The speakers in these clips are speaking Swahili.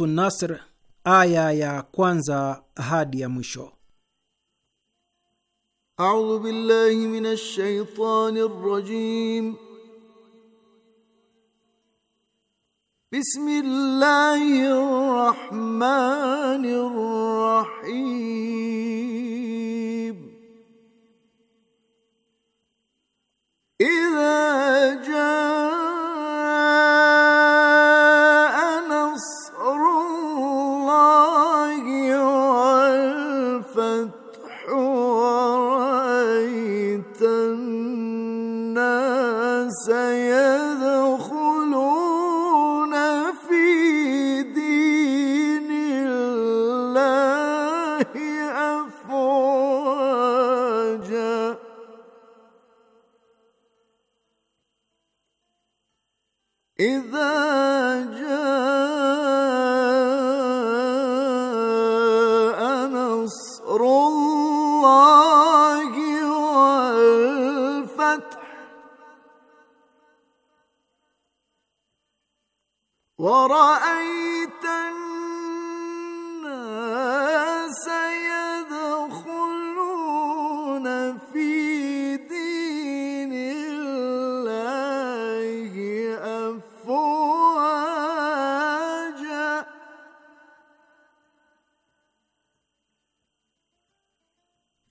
Suratu Nasr aya ya kwanza hadi ya mwisho. Audhu billahi minash shaitani rrajim. Bismillahir rahmanir rahim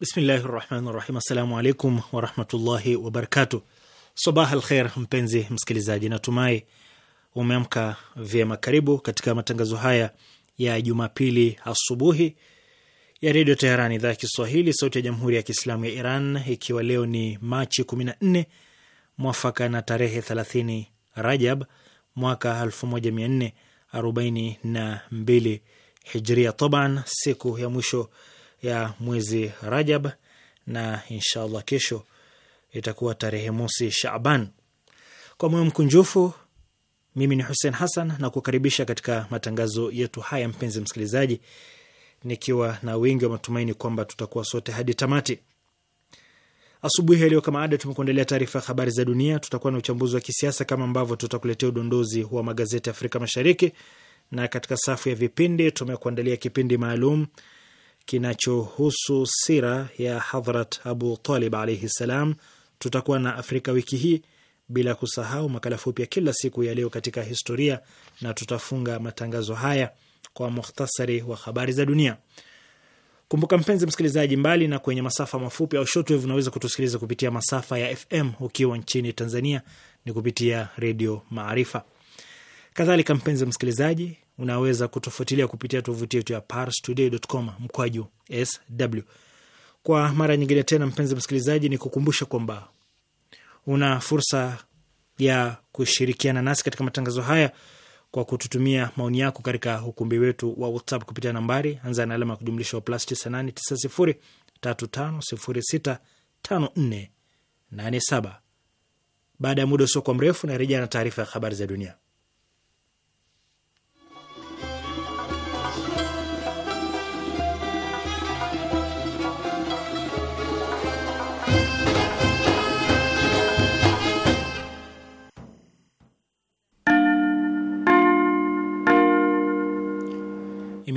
Bismillahi rahmani rahim. Assalamu alaikum warahmatullahi wabarakatu. Sabah alkher, mpenzi msikilizaji, natumai umeamka vyema. Karibu katika matangazo haya ya Jumapili asubuhi ya redio Teheran, idhaa ya Kiswahili, sauti ya jamhuri ya kiislamu ya Iran, ikiwa leo ni Machi 14 mwafaka na tarehe 30 Rajab mwaka 1442 Hijria, taban siku ya mwisho ya mwezi Rajab, na inshallah kesho itakuwa tarehe mosi Shaban. Kwa moyo mkunjufu, mimi ni Hussein Hassan na kukaribisha katika matangazo yetu haya, mpenzi msikilizaji, nikiwa na wingi wa matumaini kwamba tutakuwa sote hadi tamati. Asubuhi leo kama ada, tumekuandalia taarifa ya habari za dunia, tutakuwa na uchambuzi wa kisiasa kama ambavyo tutakuletea udondozi wa magazeti ya Afrika Mashariki, na katika safu ya vipindi tumekuandalia kipindi maalum kinachohusu sira ya Hadhrat Abu Talib alaihi ssalam. Tutakuwa na Afrika wiki hii, bila kusahau makala fupi ya kila siku ya leo katika historia, na tutafunga matangazo haya kwa mukhtasari wa habari za dunia. Kumbuka mpenzi msikilizaji, mbali na kwenye masafa mafupi au shortwave, unaweza kutusikiliza kupitia masafa ya FM ukiwa nchini Tanzania ni kupitia Redio Maarifa. Kadhalika mpenzi msikilizaji unaweza kutufuatilia kupitia tovuti yetu ya parstoday.com mkwaju sw. Kwa mara nyingine tena, mpenzi msikilizaji, ni kukumbusha kwamba una fursa ya kushirikiana nasi katika matangazo haya kwa kututumia maoni yako katika ukumbi wetu wa WhatsApp kupitia nambari anza na alama ya kujumlisha wa plus 989035065487. Baada ya muda usio kwa mrefu, narejea na taarifa ya habari za dunia.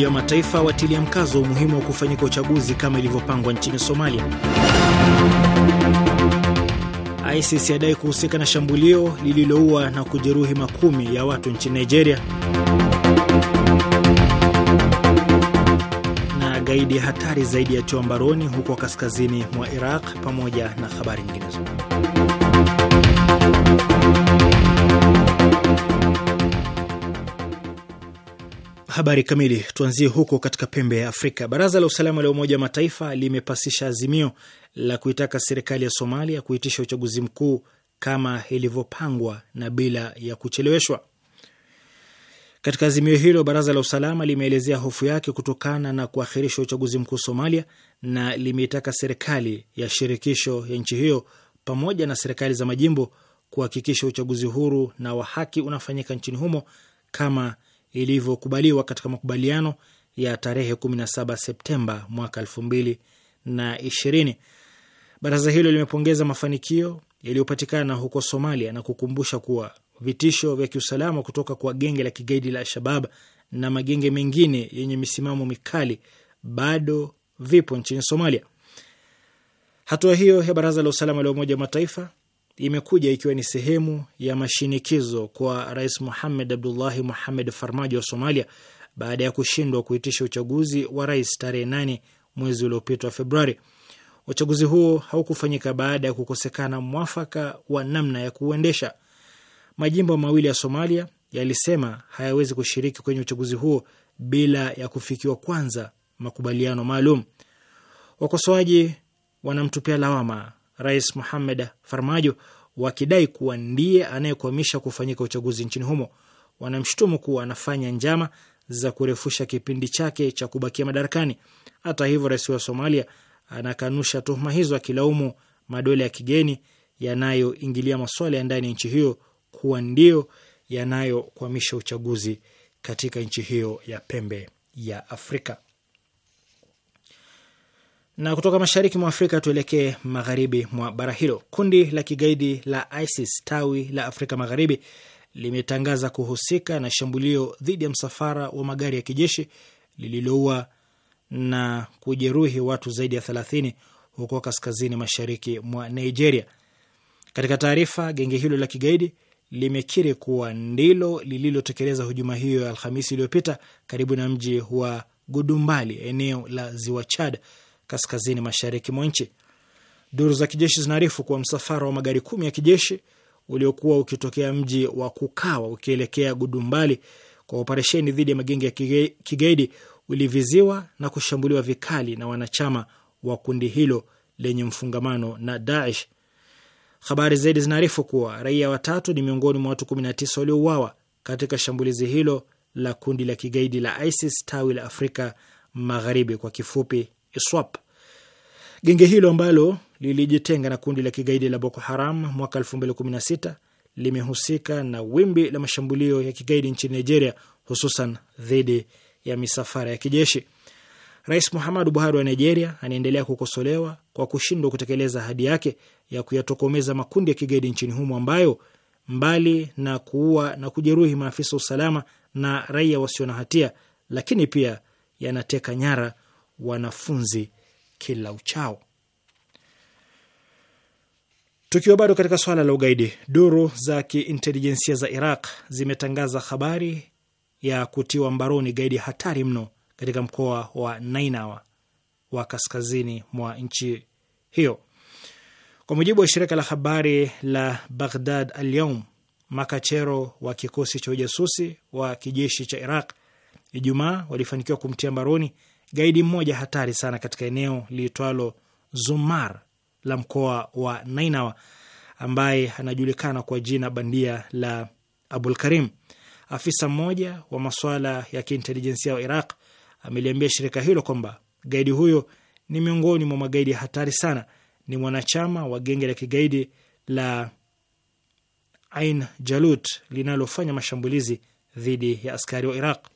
Umoja wa Mataifa watilia mkazo umuhimu wa kufanyika uchaguzi kama ilivyopangwa nchini Somalia. ISIS yadai kuhusika na shambulio lililoua na kujeruhi makumi ya watu nchini Nigeria. Na gaidi hatari zaidi ya tiwa mbaroni huko kaskazini mwa Iraq, pamoja na habari nyinginezo. Habari kamili, tuanzie huko katika pembe ya Afrika. Baraza la usalama la Umoja wa Mataifa limepasisha azimio la kuitaka serikali ya Somalia kuitisha uchaguzi mkuu kama ilivyopangwa na bila ya kucheleweshwa. Katika azimio hilo, baraza la usalama limeelezea hofu yake kutokana na kuahirishwa uchaguzi mkuu Somalia na limeitaka serikali ya shirikisho ya nchi hiyo pamoja na serikali za majimbo kuhakikisha uchaguzi huru na wa haki unafanyika nchini humo kama ilivyokubaliwa katika makubaliano ya tarehe 17 Septemba mwaka 220 Baraza hilo limepongeza mafanikio yaliyopatikana huko Somalia na kukumbusha kuwa vitisho vya kiusalama kutoka kwa genge la kigaidi la Al-Shabab na magenge mengine yenye misimamo mikali bado vipo nchini Somalia. Hatua hiyo ya Baraza la Usalama la Umoja wa Mataifa imekuja ikiwa ni sehemu ya mashinikizo kwa Rais muhamed Abdullahi muhamed Farmajo wa Somalia baada ya kushindwa kuitisha uchaguzi wa rais tarehe 8 mwezi uliopita wa Februari. Uchaguzi huo haukufanyika baada ya kukosekana mwafaka wa namna ya kuuendesha. Majimbo mawili ya Somalia yalisema hayawezi kushiriki kwenye uchaguzi huo bila ya kufikiwa kwanza makubaliano maalum. Wakosoaji wanamtupia lawama Rais Mohamed Farmajo wakidai kuwa ndiye anayekwamisha kufanyika uchaguzi nchini humo. Wanamshutumu kuwa anafanya njama za kurefusha kipindi chake cha kubakia madarakani. Hata hivyo, rais wa Somalia anakanusha tuhuma hizo, akilaumu madola ya kigeni yanayoingilia masuala ya ndani ya nchi hiyo kuwa ndiyo yanayokwamisha uchaguzi katika nchi hiyo ya pembe ya Afrika. Na kutoka mashariki mwa Afrika tuelekee magharibi mwa bara hilo. Kundi la kigaidi la ISIS tawi la Afrika Magharibi limetangaza kuhusika na shambulio dhidi ya msafara wa magari ya kijeshi lililoua na kujeruhi watu zaidi ya thelathini huko kaskazini mashariki mwa Nigeria. Katika taarifa, genge hilo la kigaidi limekiri kuwa ndilo lililotekeleza hujuma hiyo ya Alhamisi iliyopita karibu na mji wa Gudumbali, eneo la ziwa Chad, kaskazini mashariki mwa nchi. Duru za kijeshi zinaarifu kuwa msafara wa magari kumi ya kijeshi uliokuwa ukitokea mji wa Kukawa ukielekea Gudumbali kwa operesheni dhidi ya magenge ya kigaidi uliviziwa na kushambuliwa vikali na wanachama wa kundi hilo lenye mfungamano na Daesh. Habari zaidi zinaarifu kuwa raia watatu ni miongoni mwa watu 19 waliouawa katika shambulizi hilo la kundi la kigaidi la ISIS tawi la Afrika Magharibi, kwa kifupi ISWAP. Genge hilo ambalo lilijitenga na kundi la kigaidi la Boko Haram mwaka 2016 limehusika na wimbi la mashambulio ya kigaidi nchini Nigeria, hususan dhidi ya misafara ya kijeshi. Rais Muhammadu Buhari wa Nigeria anaendelea kukosolewa kwa kushindwa kutekeleza ahadi yake ya kuyatokomeza makundi ya kigaidi nchini humo ambayo mbali na kuua na kujeruhi maafisa usalama na raia wasio na hatia, lakini pia yanateka nyara wanafunzi kila uchao. Tukiwa bado katika swala la ugaidi, duru za kiintelijensia za Iraq zimetangaza habari ya kutiwa mbaroni gaidi hatari mno katika mkoa wa Nainawa wa kaskazini mwa nchi hiyo. Kwa mujibu wa shirika la habari la Baghdad Alyaum, makachero wa kikosi cha ujasusi wa kijeshi cha Iraq Ijumaa walifanikiwa kumtia mbaroni gaidi mmoja hatari sana katika eneo liitwalo Zumar la mkoa wa Nainawa ambaye anajulikana kwa jina bandia la Abul Karim. Afisa mmoja wa masuala ya kiintelijensia wa Iraq ameliambia shirika hilo kwamba gaidi huyo ni miongoni mwa magaidi hatari sana, ni mwanachama wa genge la kigaidi la Ain Jalut linalofanya mashambulizi dhidi ya askari wa Iraq.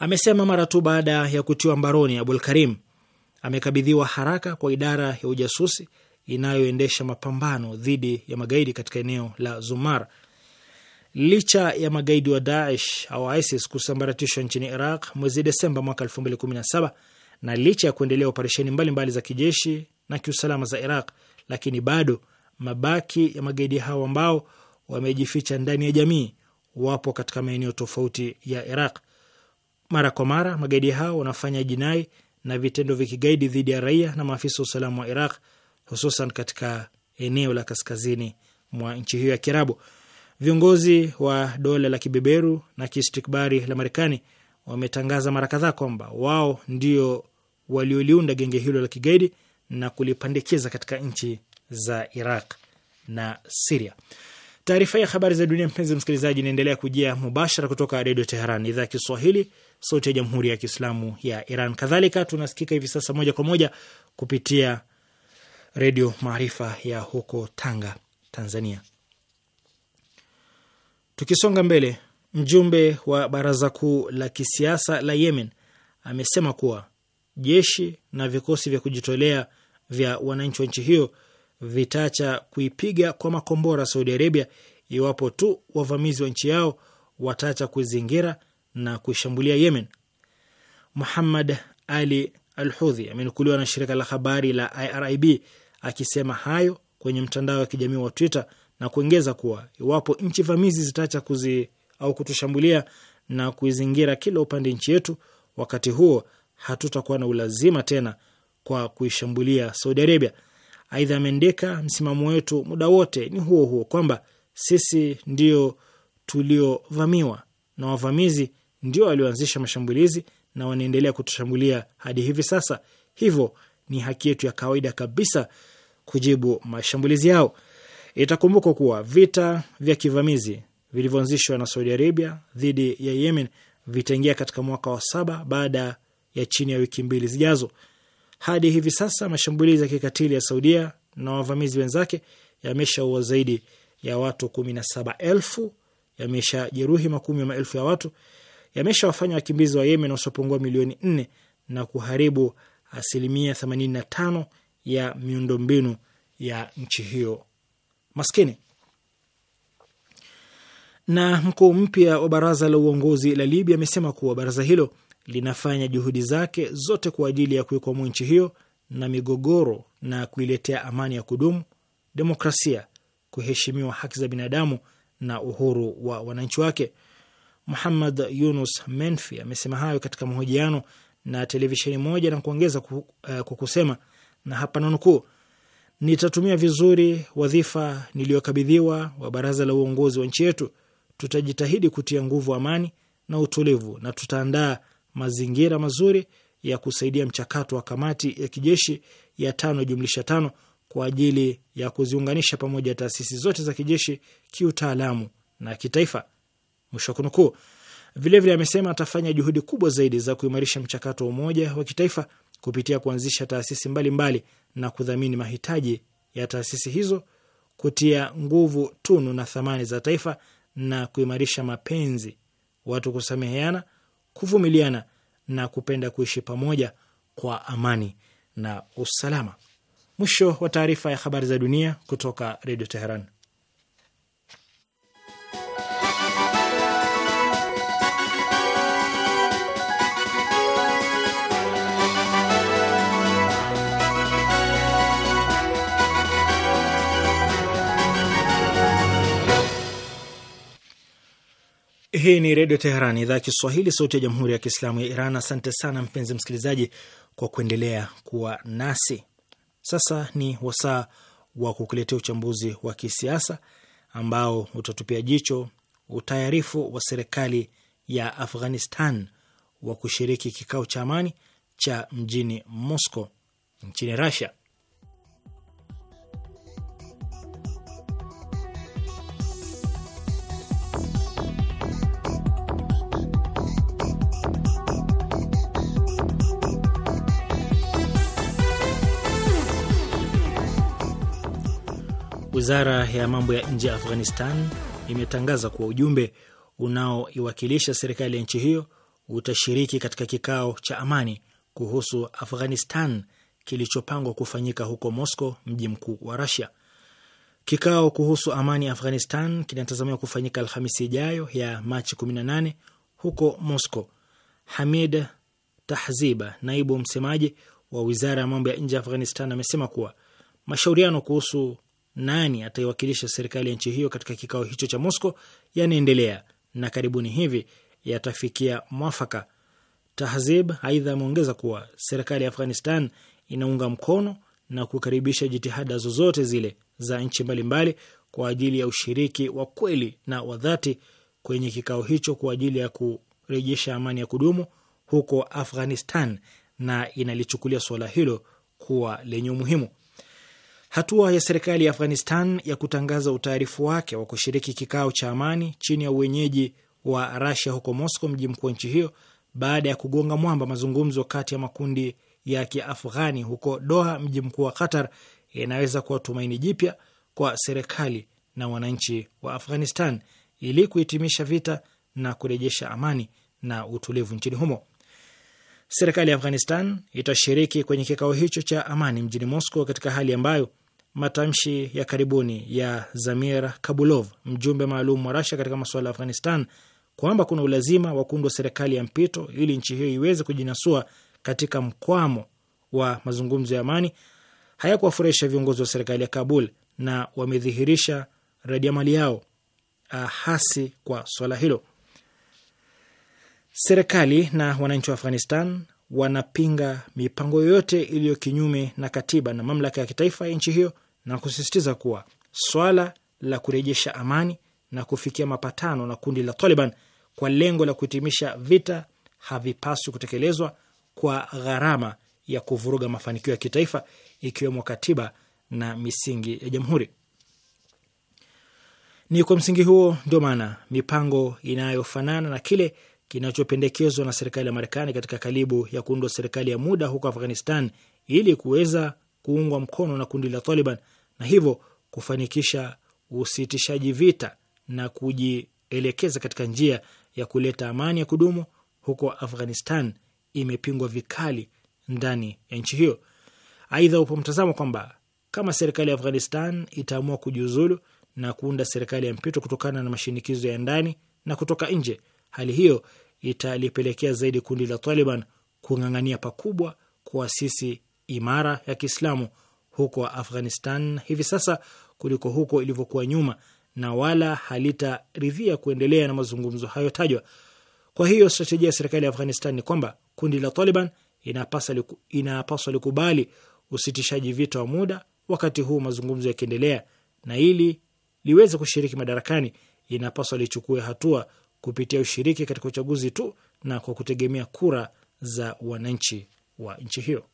Amesema mara tu baada ya kutiwa mbaroni abul Karim amekabidhiwa haraka kwa idara ya ujasusi inayoendesha mapambano dhidi ya magaidi katika eneo la Zumar. Licha ya magaidi wa Daesh au ISIS kusambaratishwa nchini Iraq mwezi Desemba mwaka 2017 na licha ya kuendelea operesheni mbalimbali za kijeshi na kiusalama za Iraq, lakini bado mabaki ya magaidi hao ambao wamejificha ndani ya jamii wapo katika maeneo tofauti ya Iraq. Mara kwa mara magaidi hao wanafanya jinai na vitendo vya kigaidi dhidi ya raia na maafisa wa usalama wa Iraq, hususan katika eneo la kaskazini mwa nchi hiyo ya Kiarabu. Viongozi wa dola la kibeberu na kiistikbari la Marekani wametangaza mara kadhaa kwamba wao ndio walioliunda genge hilo la kigaidi na kulipandikiza katika nchi za Iraq na Siria. Taarifa ya habari za dunia, mpenzi msikilizaji, inaendelea kujia mubashara kutoka Redio Teheran, idhaa ya Kiswahili, sauti ya jamhuri ya kiislamu ya Iran. Kadhalika tunasikika hivi sasa moja kwa moja kupitia redio Maarifa ya huko Tanga, Tanzania. Tukisonga mbele, mjumbe wa baraza kuu la kisiasa la Yemen amesema kuwa jeshi na vikosi vya kujitolea vya wananchi wa nchi hiyo vitaacha kuipiga kwa makombora Saudi Arabia iwapo tu wavamizi wa nchi yao wataacha kuizingira na kuishambulia Yemen. Muhammad Ali Al Hudhi amenukuliwa na shirika la habari la IRIB akisema hayo kwenye mtandao wa kijamii wa Twitter na kuongeza kuwa iwapo nchi vamizi zitaacha kuzi au kutushambulia na kuizingira kila upande nchi yetu, wakati huo hatutakuwa na ulazima tena kwa kuishambulia Saudi Arabia. Aidha ameandika, msimamo wetu muda wote ni huo huo kwamba sisi ndio tuliovamiwa na wavamizi ndio walioanzisha mashambulizi na wanaendelea kutushambulia hadi hivi sasa, hivyo ni haki yetu ya kawaida kabisa kujibu mashambulizi yao. Itakumbukwa kuwa vita vya kivamizi vilivyoanzishwa na Saudi Arabia dhidi ya Yemen vitaingia katika mwaka wa saba baada ya chini ya wiki mbili zijazo. Hadi hivi sasa mashambulizi ya kikatili ya Saudia na wavamizi wenzake yameshaua zaidi ya watu kumi na saba elfu, yameshajeruhi makumi ya maelfu ya watu yameshawafanya wakimbizi wa Yemen wasiopungua milioni nne na kuharibu asilimia 85 ya miundombinu ya nchi hiyo maskini. Na mkuu mpya wa baraza la uongozi la Libya amesema kuwa baraza hilo linafanya juhudi zake zote kwa ajili ya kuikwamua nchi hiyo na migogoro na kuiletea amani ya kudumu, demokrasia, kuheshimiwa haki za binadamu na uhuru wa wananchi wake. Muhammad Yunus Menfi amesema hayo katika mahojiano na televisheni moja na kuongeza kwa eh, kusema, na hapa nanukuu, nitatumia vizuri wadhifa niliyokabidhiwa wa baraza la uongozi wa nchi yetu. Tutajitahidi kutia nguvu amani na utulivu, na tutaandaa mazingira mazuri ya kusaidia mchakato wa kamati ya kijeshi ya tano jumlisha tano kwa ajili ya kuziunganisha pamoja taasisi zote za kijeshi, kiutaalamu na kitaifa. Mwisho wa kunukuu. Vilevile amesema atafanya juhudi kubwa zaidi za kuimarisha mchakato wa umoja wa kitaifa kupitia kuanzisha taasisi mbalimbali mbali na kudhamini mahitaji ya taasisi hizo, kutia nguvu tunu na thamani za taifa na kuimarisha mapenzi, watu kusameheana, kuvumiliana na kupenda kuishi pamoja kwa amani na usalama. Mwisho wa taarifa ya habari za dunia kutoka Redio Teheran. Hii ni Redio Teheran, idhaa ya Kiswahili, sauti ya Jamhuri ya Kiislamu ya Iran. Asante sana mpenzi msikilizaji kwa kuendelea kuwa nasi. Sasa ni wasaa wa kukuletea uchambuzi wa kisiasa ambao utatupia jicho utayarifu wa serikali ya Afghanistan wa kushiriki kikao cha amani cha mjini Moscow nchini Russia. Wizara ya mambo ya nje ya Afghanistan imetangaza kuwa ujumbe unaoiwakilisha serikali ya nchi hiyo utashiriki katika kikao cha amani kuhusu Afghanistan kilichopangwa kufanyika huko Moscow, mji mkuu wa rasia Kikao kuhusu amani ya Afghanistan kinatazamiwa kufanyika Alhamisi ijayo ya Machi 18 huko Moscow. Hamid Tahziba, naibu msemaji wa wizara ya mambo ya nje ya Afghanistan, amesema kuwa mashauriano kuhusu nani ataiwakilisha serikali ya nchi hiyo katika kikao hicho cha Moscow yanaendelea na karibuni hivi yatafikia mwafaka. Tahzib aidha ameongeza kuwa serikali ya Afghanistan inaunga mkono na kukaribisha jitihada zozote zile za nchi mbalimbali kwa ajili ya ushiriki wa kweli na wa dhati kwenye kikao hicho kwa ajili ya kurejesha amani ya kudumu huko Afghanistan na inalichukulia suala hilo kuwa lenye umuhimu. Hatua ya serikali ya Afghanistan ya kutangaza utaarifu wake wa kushiriki kikao cha amani chini ya uwenyeji wa Rasia huko Moscow, mji mkuu wa nchi hiyo, baada ya kugonga mwamba mazungumzo kati ya makundi ya Kiafghani huko Doha, mji mkuu wa Qatar, inaweza kuwa tumaini jipya kwa serikali na wananchi wa Afghanistan ili kuhitimisha vita na kurejesha amani na utulivu nchini humo. Serikali ya Afghanistan itashiriki kwenye kikao hicho cha amani mjini Moscow, katika hali ambayo matamshi ya karibuni ya Zamir Kabulov, mjumbe maalum wa Rasha katika masuala ya Afghanistan, kwamba kuna ulazima wa kuundwa serikali ya mpito ili nchi hiyo iweze kujinasua katika mkwamo wa mazungumzo ya amani hayakuwafurahisha viongozi wa serikali ya Kabul na wamedhihirisha radiamali yao ah, hasi kwa swala hilo. Serikali na wananchi wa Afghanistan wanapinga mipango yoyote iliyo kinyume na katiba na mamlaka ya kitaifa ya nchi hiyo na kusisitiza kuwa swala la kurejesha amani na kufikia mapatano na kundi la Taliban kwa lengo la kuhitimisha vita havipaswi kutekelezwa kwa gharama ya kuvuruga mafanikio ya kitaifa ikiwemo katiba na misingi ya jamhuri. Ni kwa msingi huo ndio maana mipango inayofanana na kile kinachopendekezwa na serikali ya Marekani katika kalibu ya kuundwa serikali ya muda huko Afghanistan ili kuweza kuungwa mkono na kundi la Taliban na hivyo kufanikisha usitishaji vita na kujielekeza katika njia ya kuleta amani ya kudumu huko Afghanistan imepingwa vikali ndani ya nchi hiyo. Aidha, upo mtazamo kwamba kama serikali ya Afghanistan itaamua kujiuzulu na kuunda serikali ya mpito kutokana na mashinikizo ya ndani na kutoka nje, hali hiyo italipelekea zaidi kundi la Taliban kung'ang'ania pakubwa kuasisi imara ya Kiislamu huko Afghanistan hivi sasa kuliko huko ilivyokuwa nyuma, na wala halitaridhia kuendelea na mazungumzo hayo tajwa. Kwa hiyo strategia ya serikali ya Afghanistan ni kwamba kundi la Taliban inapaswa liku, inapaswa likubali usitishaji vita wa muda wakati huu mazungumzo yakiendelea, na ili liweze kushiriki madarakani inapaswa lichukue hatua kupitia ushiriki katika uchaguzi tu na kwa kutegemea kura za wananchi wa nchi hiyo.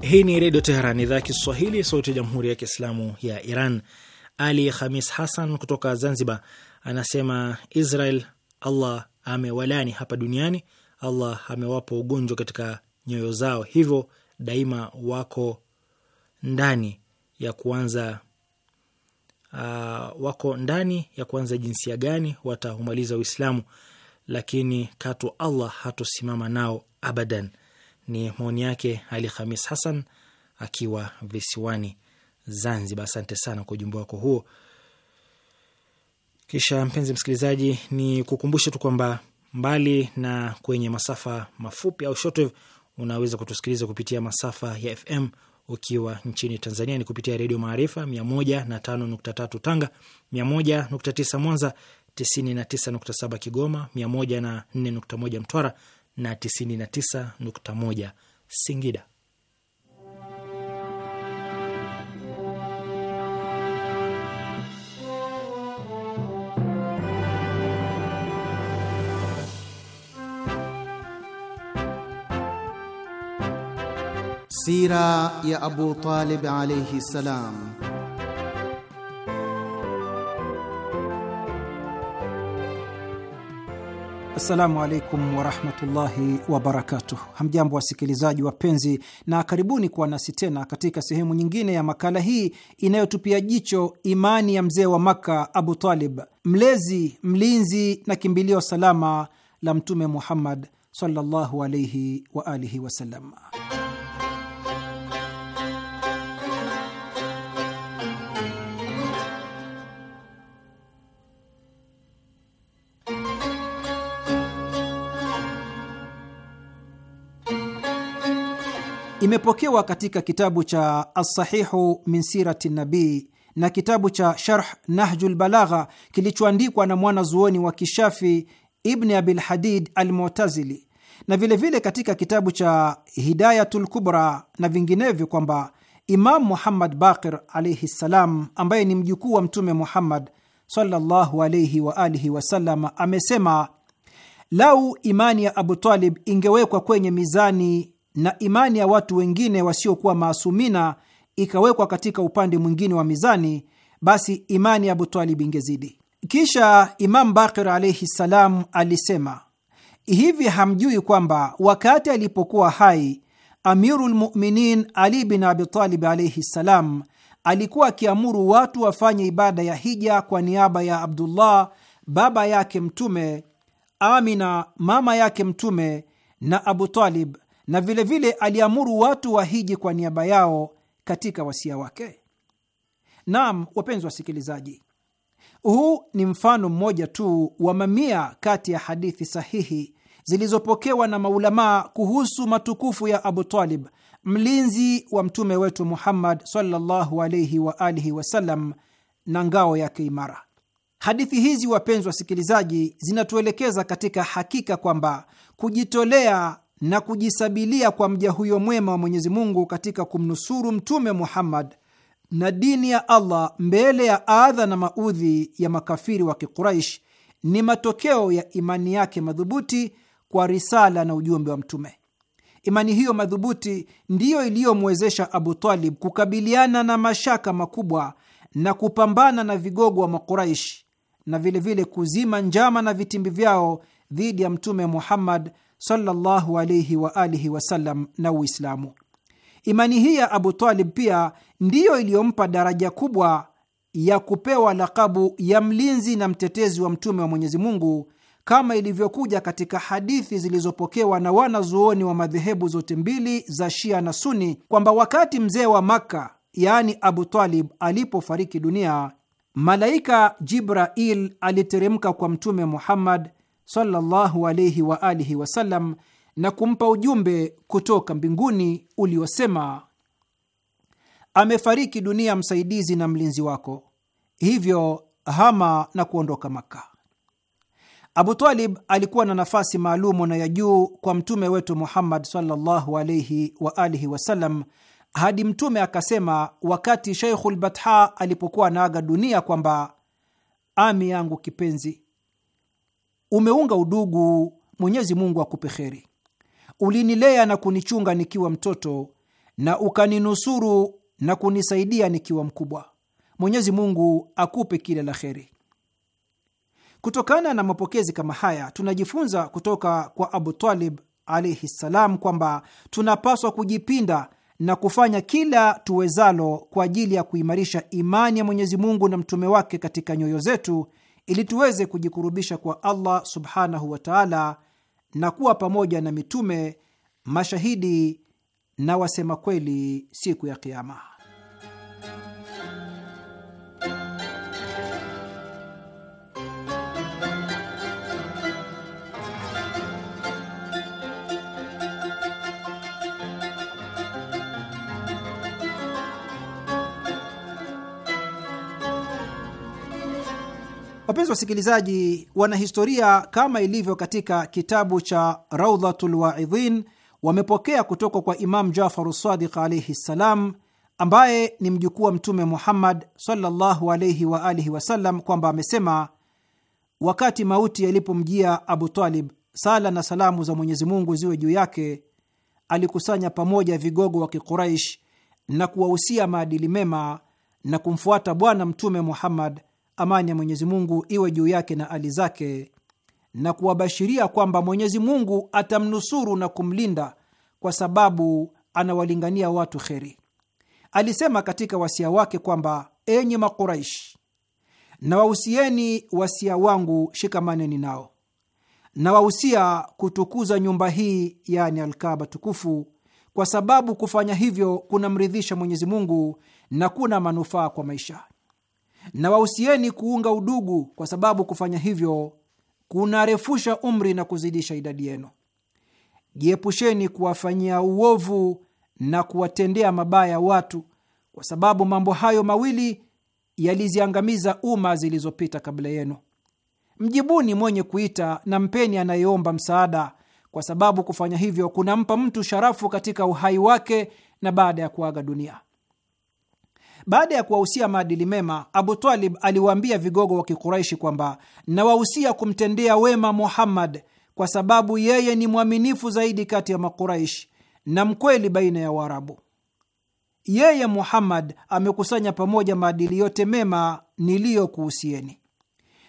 Hii ni Redio Teheran, idhaa ya Kiswahili, sauti ya Jamhuri ya Kiislamu ya Iran. Ali Khamis Hassan kutoka Zanzibar anasema Israel, Allah amewalani hapa duniani, Allah amewapa ugonjwa katika nyoyo zao, hivyo daima wako ndani ya kuanza uh, wako ndani ya kuanza jinsia gani wataumaliza Uislamu, lakini katu Allah hatosimama nao abadan. Ni maoni yake Ali Khamis Hassan akiwa visiwani Zanzibar. Asante sana kwa ujumbe wako huo. Kisha mpenzi msikilizaji, ni kukumbushe tu kwamba mbali na kwenye masafa mafupi au shortwave, unaweza kutusikiliza kupitia masafa ya FM ukiwa nchini Tanzania ni kupitia Redio Maarifa 105.3 Tanga, 101.9 Mwanza, 99.7 Kigoma, 104.1 Mtwara na 99.1 Singida. Sira ya Abu Talib alayhi salam. Assalamu alaikum warahmatullahi wabarakatuh. Hamjambo wasikilizaji wapenzi, na karibuni kuwa nasi tena katika sehemu nyingine ya makala hii inayotupia jicho imani ya mzee wa Makka, Abu Talib, mlezi, mlinzi na kimbilio salama la Mtume Muhammad sallallahu alaihi waalihi wasallam. Imepokewa katika kitabu cha Alsahihu min sirati nabii na kitabu cha Sharh Nahjul Balagha kilichoandikwa na mwanazuoni wa Kishafi Ibni Abilhadid Almutazili na vilevile vile katika kitabu cha Hidayatul Kubra na vinginevyo kwamba Imam Muhammad Baqir alaihi ssalam, ambaye ni mjukuu wa Mtume Muhammad sallallahu alaihi wa alihi wasallam, amesema lau imani ya Abu Talib ingewekwa kwenye mizani na imani ya watu wengine wasiokuwa maasumina ikawekwa katika upande mwingine wa mizani, basi imani ya Abutalib ingezidi. Kisha imamu Bakir alaihi ssalam alisema hivi, hamjui kwamba wakati alipokuwa hai Amiru lmuminin Ali bin Abitalib alaihi ssalam alikuwa akiamuru watu wafanye ibada ya hija kwa niaba ya Abdullah baba yake Mtume, Amina mama yake Mtume na Abutalib na vilevile vile aliamuru watu wahiji kwa niaba yao katika wasia wake. Naam, wapenzi wasikilizaji, huu ni mfano mmoja tu wa mamia kati ya hadithi sahihi zilizopokewa na maulamaa kuhusu matukufu ya Abu Talib, mlinzi wa mtume wetu Muhammad sallallahu wa alihi wasallam na ngao yake imara. Hadithi hizi, wapenzi wasikilizaji, zinatuelekeza katika hakika kwamba kujitolea na kujisabilia kwa mja huyo mwema wa Mwenyezi Mungu katika kumnusuru Mtume Muhammad na dini ya Allah mbele ya adha na maudhi ya makafiri wa Kiquraish ni matokeo ya imani yake madhubuti kwa risala na ujumbe wa Mtume. Imani hiyo madhubuti ndiyo iliyomwezesha Abu Talib kukabiliana na mashaka makubwa na kupambana na vigogo wa Makuraishi na vilevile vile kuzima njama na vitimbi vyao dhidi ya Mtume Muhammad sallallahu alayhi wa alihi wasallam na Uislamu. Imani hii ya Abu Talib pia ndiyo iliyompa daraja kubwa ya kupewa lakabu ya mlinzi na mtetezi wa mtume wa Mwenyezi Mungu kama ilivyokuja katika hadithi zilizopokewa na wanazuoni wa madhehebu zote mbili za Shia na Suni kwamba wakati mzee wa Makka yaani Abu Talib alipofariki dunia, malaika Jibrail aliteremka kwa Mtume Muhammad sallallahu alayhi wa alihi wasallam na kumpa ujumbe kutoka mbinguni uliosema, amefariki dunia msaidizi na mlinzi wako, hivyo hama na kuondoka Maka. Abu Talib alikuwa na nafasi maalumu na ya juu kwa mtume wetu Muhammad sallallahu alayhi wa alihi wasallam hadi mtume akasema wakati Sheikhul Batha alipokuwa anaaga dunia kwamba ami yangu kipenzi Umeunga udugu, Mwenyezi Mungu akupe kheri. Ulinilea na kunichunga nikiwa mtoto na ukaninusuru na kunisaidia nikiwa mkubwa. Mwenyezi Mungu akupe kila la kheri. Kutokana na mapokezi kama haya tunajifunza kutoka kwa Abu Talib alaihi ssalam kwamba tunapaswa kujipinda na kufanya kila tuwezalo kwa ajili ya kuimarisha imani ya Mwenyezi Mungu na mtume wake katika nyoyo zetu ili tuweze kujikurubisha kwa Allah subhanahu wa taala na kuwa pamoja na mitume, mashahidi na wasema kweli siku ya Kiama. Wapenzi wasikilizaji, wanahistoria kama ilivyo katika kitabu cha Raudhatul Waidhin wamepokea kutoka kwa Imamu Jafaru Sadiq alaihi ssalam, ambaye ni mjukuu wa Mtume Muhammad sallallahu alaihi wa alihi wasallam, kwamba amesema wakati mauti yalipomjia Abu Talib, sala na salamu za Mwenyezi Mungu ziwe juu yake, alikusanya pamoja vigogo wa Kiquraish na kuwahusia maadili mema na kumfuata Bwana Mtume Muhammad amani ya Mwenyezi Mungu iwe juu yake na ali zake, na kuwabashiria kwamba Mwenyezi Mungu atamnusuru na kumlinda kwa sababu anawalingania watu kheri. Alisema katika wasia wake kwamba, enyi Makuraishi, na wasia wangu, shikamaneni nao na kutukuza nyumba hii, yani Alkaba tukufu, kwa sababu kufanya hivyo kunamridhisha Mwenyezi Mungu na kuna manufaa kwa maisha na wahusieni kuunga udugu, kwa sababu kufanya hivyo kunarefusha umri na kuzidisha idadi yenu. Jiepusheni kuwafanyia uovu na kuwatendea mabaya watu, kwa sababu mambo hayo mawili yaliziangamiza umma zilizopita kabla yenu. Mjibuni mwenye kuita na mpeni anayeomba msaada, kwa sababu kufanya hivyo kunampa mtu sharafu katika uhai wake na baada ya kuaga dunia. Baada ya kuwahusia maadili mema, Abu Talib aliwaambia vigogo wa Kikuraishi kwamba nawahusia kumtendea wema Muhammad kwa sababu yeye ni mwaminifu zaidi kati ya Makuraishi na mkweli baina ya Waarabu. Yeye Muhammad amekusanya pamoja maadili yote mema niliyokuhusieni,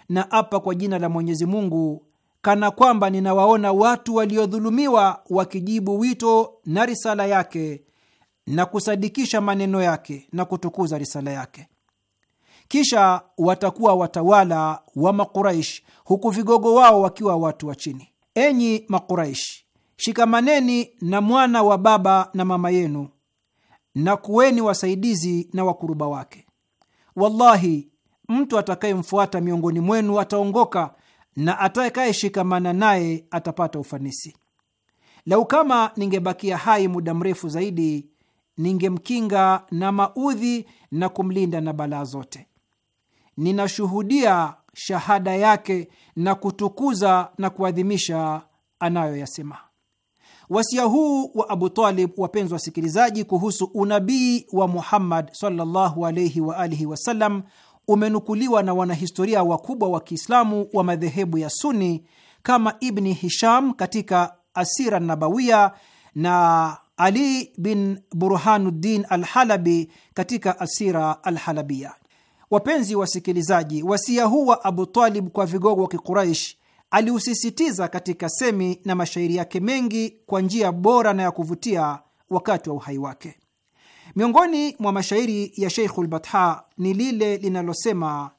na apa kwa jina la Mwenyezi Mungu, kana kwamba ninawaona watu waliodhulumiwa wakijibu wito na risala yake na kusadikisha maneno yake na kutukuza risala yake. Kisha watakuwa watawala wa Makuraish, huku vigogo wao wakiwa watu wa chini. Enyi Makuraish, shikamaneni na mwana wa baba na mama yenu na kuweni wasaidizi na wakuruba wake. Wallahi, mtu atakayemfuata miongoni mwenu ataongoka na atakayeshikamana naye atapata ufanisi. Lau kama ningebakia hai muda mrefu zaidi, ningemkinga na maudhi na kumlinda na balaa zote. Ninashuhudia shahada yake na kutukuza na kuadhimisha anayoyasema. Wasia huu wa Abu Talib, wapenzi wasikilizaji, kuhusu unabii wa Muhammad sallallahu wa alihi wasallam umenukuliwa na wanahistoria wakubwa wa Kiislamu wa madhehebu ya suni kama Ibni Hisham katika Asira Nabawiya na ali bin Burhanuddin Alhalabi katika Asira Alhalabia. Wapenzi wasikilizaji, wasia huu wa Abu Talib kwa vigogo wa Kiquraish aliusisitiza katika semi na mashairi yake mengi kwa njia bora na ya kuvutia wakati wa uhai wake. Miongoni mwa mashairi ya sheikhu lbatha ni lile linalosema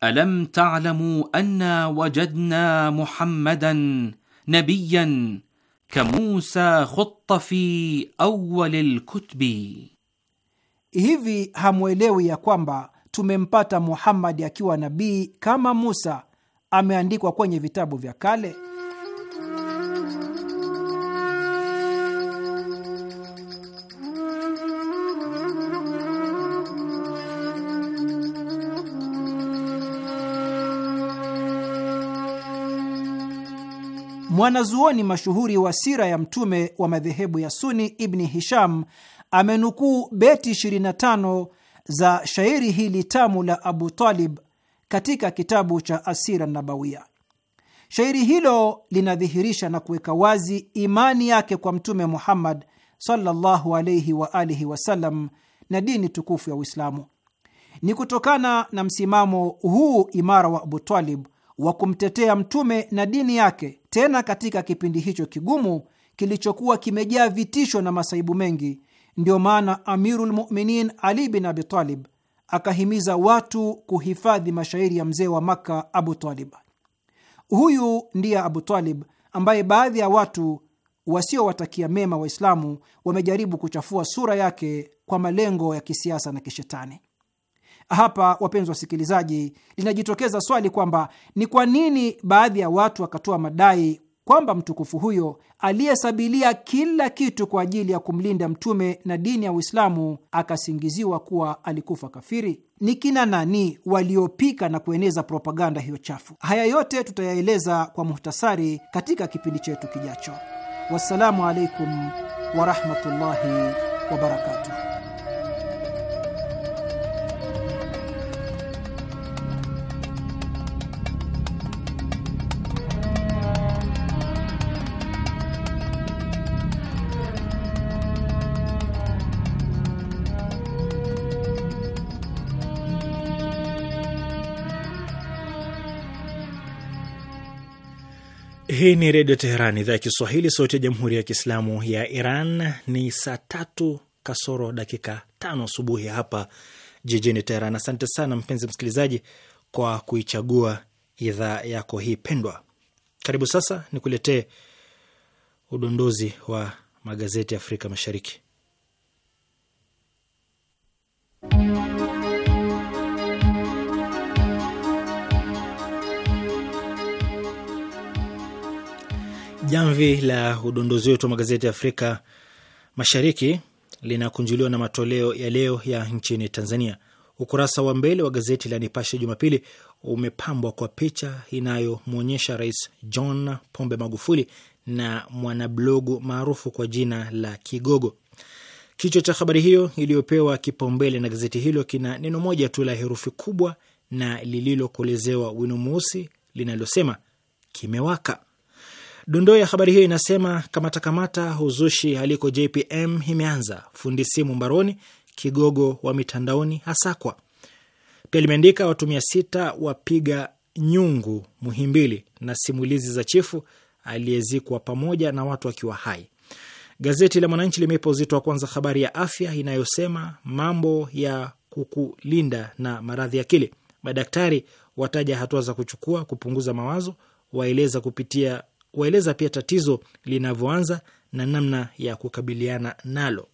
alam talamu anna wajadna muhammadan nabiyan كموسى خط في أول الكتب Hivi hamwelewi ya kwamba tumempata Muhammadi akiwa nabii kama Musa ameandikwa kwenye vitabu vya kale? Mwanazuoni mashuhuri wa sira ya mtume wa madhehebu ya Suni Ibni Hisham amenukuu beti 25 za shairi hili tamu la Abu Talib katika kitabu cha Asira Nabawiya. Shairi hilo linadhihirisha na kuweka wazi imani yake kwa Mtume Muhammad sallallahu wa alihi wasallam na dini tukufu ya Uislamu. Ni kutokana na msimamo huu imara wa Abu Talib wa kumtetea mtume na dini yake, tena katika kipindi hicho kigumu kilichokuwa kimejaa vitisho na masaibu mengi. Ndiyo maana Amirul Muminin Ali bin Abi Talib akahimiza watu kuhifadhi mashairi ya mzee wa Makka Abu Talib. Huyu ndiye Abu Talib ambaye baadhi ya watu wasiowatakia mema Waislamu wamejaribu kuchafua sura yake kwa malengo ya kisiasa na kishetani. Hapa wapenzi wasikilizaji, linajitokeza swali kwamba ni kwa nini baadhi ya watu wakatoa madai kwamba mtukufu huyo aliyesabilia kila kitu kwa ajili ya kumlinda mtume na dini ya Uislamu akasingiziwa kuwa alikufa kafiri? Ni kina nani waliopika na kueneza propaganda hiyo chafu? Haya yote tutayaeleza kwa muhtasari katika kipindi chetu kijacho. Wassalamu alaikum warahmatullahi wabarakatuh. Hii ni Redio Teheran, idhaa ya Kiswahili, sauti ya Jamhuri ya Kiislamu ya Iran. Ni saa tatu kasoro dakika tano asubuhi hapa jijini Teheran. Asante sana mpenzi msikilizaji kwa kuichagua idhaa yako hii pendwa. Karibu sasa nikuletee udondozi wa magazeti ya Afrika Mashariki. Jamvi la udondozi wetu wa magazeti ya Afrika Mashariki linakunjuliwa na matoleo ya leo ya nchini Tanzania. Ukurasa wa mbele wa gazeti la Nipashe Jumapili umepambwa kwa picha inayomwonyesha Rais John Pombe Magufuli na mwanablogu maarufu kwa jina la Kigogo. Kichwa cha habari hiyo iliyopewa kipaumbele na gazeti hilo kina neno moja tu la herufi kubwa na lililokolezewa wino mweusi linalosema kimewaka. Dondoo ya habari hiyo inasema kamatakamata huzushi aliko JPM imeanza, fundi simu mbaroni, kigogo wa mitandaoni hasakwa. Pia limeandika watumia sita wapiga nyungu Muhimbili na simulizi za chifu aliyezikwa pamoja na watu akiwa hai. Gazeti la Mwananchi limeipa uzito wa kwanza habari ya afya inayosema mambo ya kukulinda na maradhi ya akili, madaktari wataja hatua za kuchukua kupunguza mawazo, waeleza kupitia waeleza pia tatizo linavyoanza na namna ya kukabiliana nalo.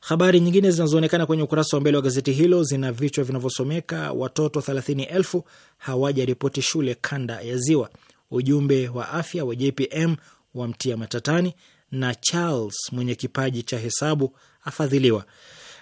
Habari nyingine zinazoonekana kwenye ukurasa wa mbele wa gazeti hilo zina vichwa vinavyosomeka watoto thelathini hawaja hawajaripoti shule kanda ya Ziwa, ujumbe wa afya wa JPM wamtia matatani, na Charles mwenye kipaji cha hesabu afadhiliwa.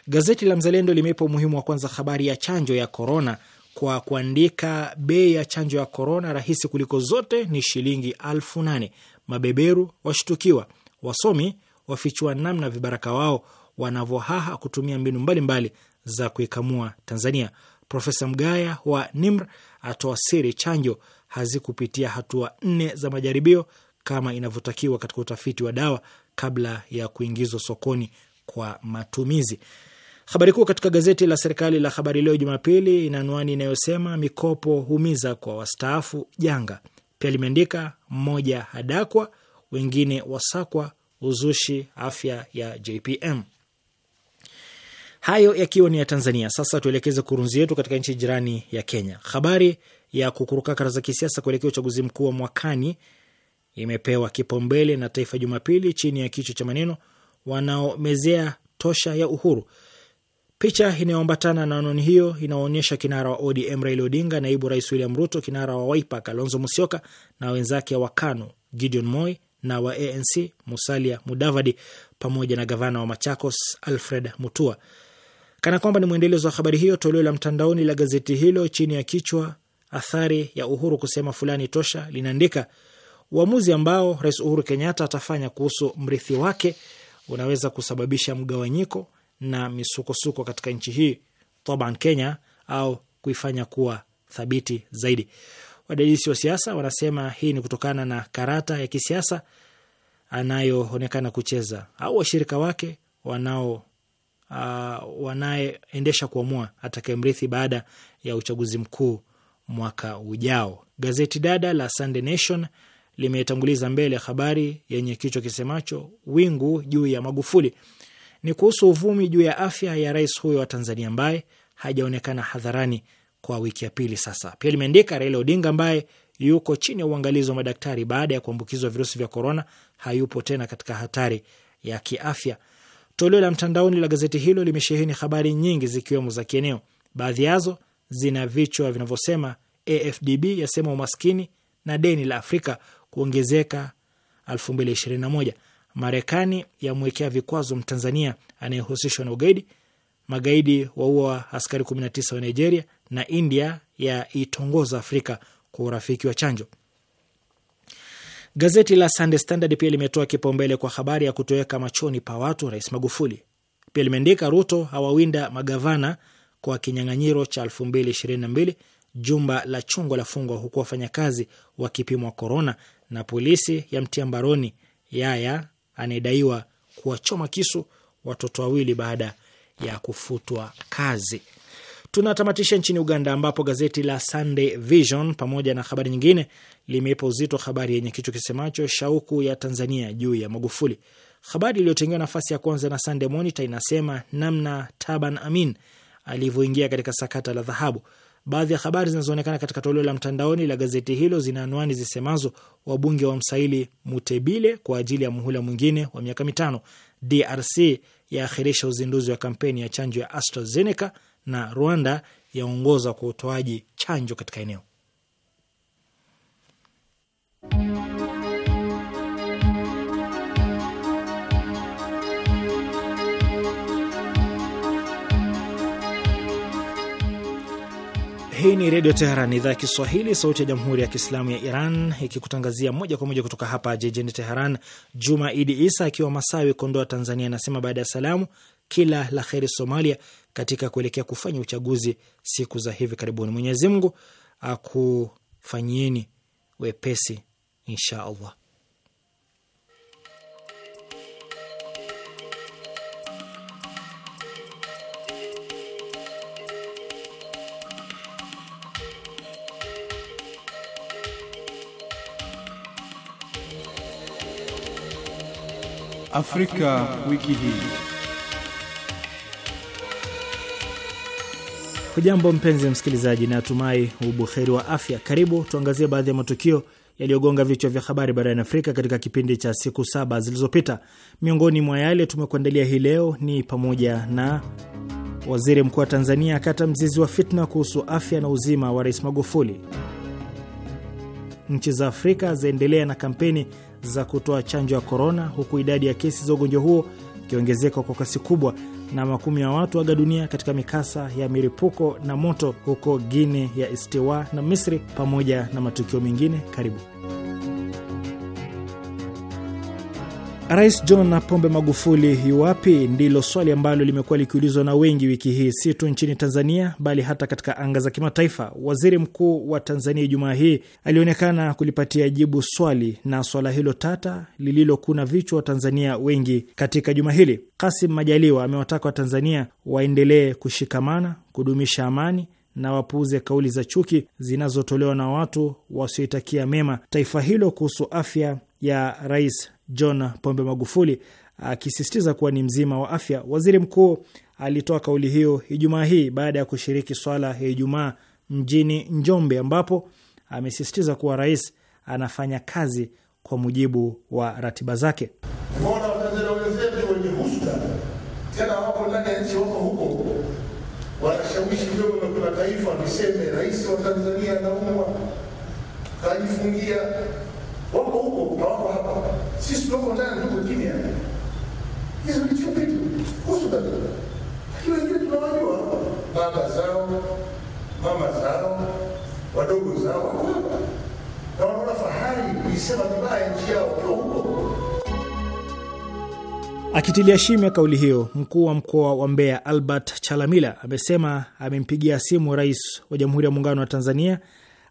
Gazeti la Mzalendo limeipa umuhimu wa kwanza habari ya chanjo ya korona kwa kuandika bei ya chanjo ya korona rahisi kuliko zote ni shilingi alfu nane. Mabeberu washtukiwa, wasomi wafichua namna vibaraka wao wanavyohaha kutumia mbinu mbalimbali mbali za kuikamua Tanzania. Profesa Mgaya wa NIMR atoa siri chanjo hazikupitia hatua nne za majaribio kama inavyotakiwa katika utafiti wa dawa kabla ya kuingizwa sokoni kwa matumizi. Habari kuu katika gazeti la serikali la Habari Leo Jumapili ina anwani inayosema mikopo humiza kwa wastaafu janga. Pia limeandika mmoja hadakwa, wengine wasakwa uzushi afya ya JPM. Hayo yakiwa ni ya Tanzania. Sasa tuelekeze kurunzi yetu katika nchi jirani ya Kenya. Habari ya kukurukakara za kisiasa kuelekea uchaguzi mkuu wa mwakani imepewa kipaumbele na Taifa Jumapili chini ya kichwa cha maneno wanaomezea tosha ya Uhuru. Picha inayoambatana na anwani hiyo inaonyesha kinara wa ODM Raila Odinga, naibu rais William Ruto, kinara wa Wipak Kalonzo Musyoka na wenzake wa KANU Gideon Moi na wa ANC Musalia Mudavadi pamoja na gavana wa Machakos Alfred Mutua. Kana kwamba ni mwendelezo wa habari hiyo, toleo la mtandaoni la gazeti hilo chini ya kichwa athari ya Uhuru kusema fulani tosha, linaandika uamuzi ambao Rais Uhuru Kenyatta atafanya kuhusu mrithi wake unaweza kusababisha mgawanyiko na misukosuko katika nchi hii taban Kenya au kuifanya kuwa thabiti zaidi. Wadadisi wa siasa wanasema hii ni kutokana na karata ya kisiasa anayoonekana kucheza au washirika wake wanao uh, wanayeendesha kuamua atakayemrithi baada ya uchaguzi mkuu mwaka ujao. Gazeti dada la Sunday Nation limetanguliza mbele habari yenye kichwa kisemacho wingu juu ya Magufuli ni kuhusu uvumi juu ya afya ya rais huyo wa Tanzania ambaye hajaonekana hadharani kwa wiki ya pili sasa. Pia limeandika Raila Odinga ambaye yuko chini ya uangalizi wa madaktari baada ya kuambukizwa virusi vya korona hayupo tena katika hatari ya kiafya. Toleo la mtandaoni la gazeti hilo limesheheni habari nyingi zikiwemo za kieneo. Baadhi yazo zina vichwa vinavyosema AFDB yasema umaskini na deni la Afrika kuongezeka 2021 Marekani yamwekea vikwazo Mtanzania anayehusishwa na ugaidi. Magaidi waua askari 19 wa Nigeria, na India yaitongoza Afrika kwa urafiki wa chanjo. Gazeti la Sunday Standard pia limetoa kipaumbele kwa habari ya kutoweka machoni pa watu Rais Magufuli. Pia limeandika Ruto hawawinda magavana kwa kinyang'anyiro cha 2022, jumba la chungwa la fungwa huku wafanyakazi wakipimwa korona, na polisi yamtia mbaroni yaya anayedaiwa kuwachoma kisu watoto wawili baada ya kufutwa kazi. Tunatamatisha nchini Uganda, ambapo gazeti la Sunday Vision pamoja na habari nyingine limeipa uzito habari yenye kichwa kisemacho shauku ya Tanzania juu ya Magufuli. Habari iliyotengewa nafasi ya kwanza na Sunday Monitor inasema namna Taban Amin alivyoingia katika sakata la dhahabu. Baadhi ya habari zinazoonekana katika toleo la mtandaoni la gazeti hilo zina anwani zisemazo wabunge wa msaili Mutebile kwa ajili ya muhula mwingine wa miaka mitano, DRC yaakhirisha uzinduzi wa kampeni ya chanjo ya AstraZeneca na Rwanda yaongoza kwa utoaji chanjo katika eneo Hii ni Redio Teheran, idhaa ya Kiswahili, sauti ya Jamhuri ya Kiislamu ya Iran, ikikutangazia moja kwa moja kutoka hapa jijini Teheran. Juma Idi Isa akiwa Masawi, Kondoa, Tanzania, anasema baada ya salamu, kila la kheri Somalia katika kuelekea kufanya uchaguzi siku za hivi karibuni. Mwenyezi Mungu akufanyieni wepesi, insha Allah. Afrika wiki hii. Hujambo mpenzi msikilizaji, na atumai ubuheri wa afya. Karibu tuangazie baadhi ya matukio yaliyogonga vichwa vya habari barani Afrika katika kipindi cha siku saba zilizopita. Miongoni mwa yale tumekuandalia hii leo ni pamoja na waziri mkuu wa Tanzania akata mzizi wa fitna kuhusu afya na uzima wa Rais Magufuli, nchi za Afrika zaendelea na kampeni za kutoa chanjo ya korona, huku idadi ya kesi za ugonjwa huo ikiongezeka kwa kasi kubwa na makumi ya watu waga dunia katika mikasa ya milipuko na moto huko guine ya Istiwa na Misri, pamoja na matukio mengine. Karibu. Rais John Pombe Magufuli yuwapi? Ndilo swali ambalo limekuwa likiulizwa na wengi wiki hii, si tu nchini Tanzania bali hata katika anga za kimataifa. Waziri Mkuu wa Tanzania Jumaa hii alionekana kulipatia jibu swali na swala hilo tata lililokuna vichwa wa tanzania wengi katika juma hili. Kasim Majaliwa amewataka Watanzania waendelee kushikamana, kudumisha amani na wapuuze kauli za chuki zinazotolewa na watu wasioitakia mema taifa hilo kuhusu afya ya Rais John Pombe Magufuli akisisitiza kuwa ni mzima wa afya. Waziri mkuu alitoa kauli hiyo Ijumaa hii baada ya kushiriki swala ya Ijumaa mjini Njombe, ambapo amesisitiza kuwa rais anafanya kazi kwa mujibu wa ratiba zake. Mbona Watanzania wenzetu wenye husuda tena wapo ndani ya nchi, wako huko wanashawishi vyombo vya kimataifa viseme rais wa Tanzania anaumwa, kajifungia wako huko, kuna hapa, sisi tuko ndani, Hizo ni chupi kuhusu dada, lakini wengine tunawajua baba zao, mama zao, wadogo zao, na wanaona fahari kuisema vibaya nchi yao huko. Akitilia shime kauli hiyo, mkuu wa mkoa wa Mbeya Albert Chalamila amesema amempigia simu rais wa Jamhuri ya Muungano wa Tanzania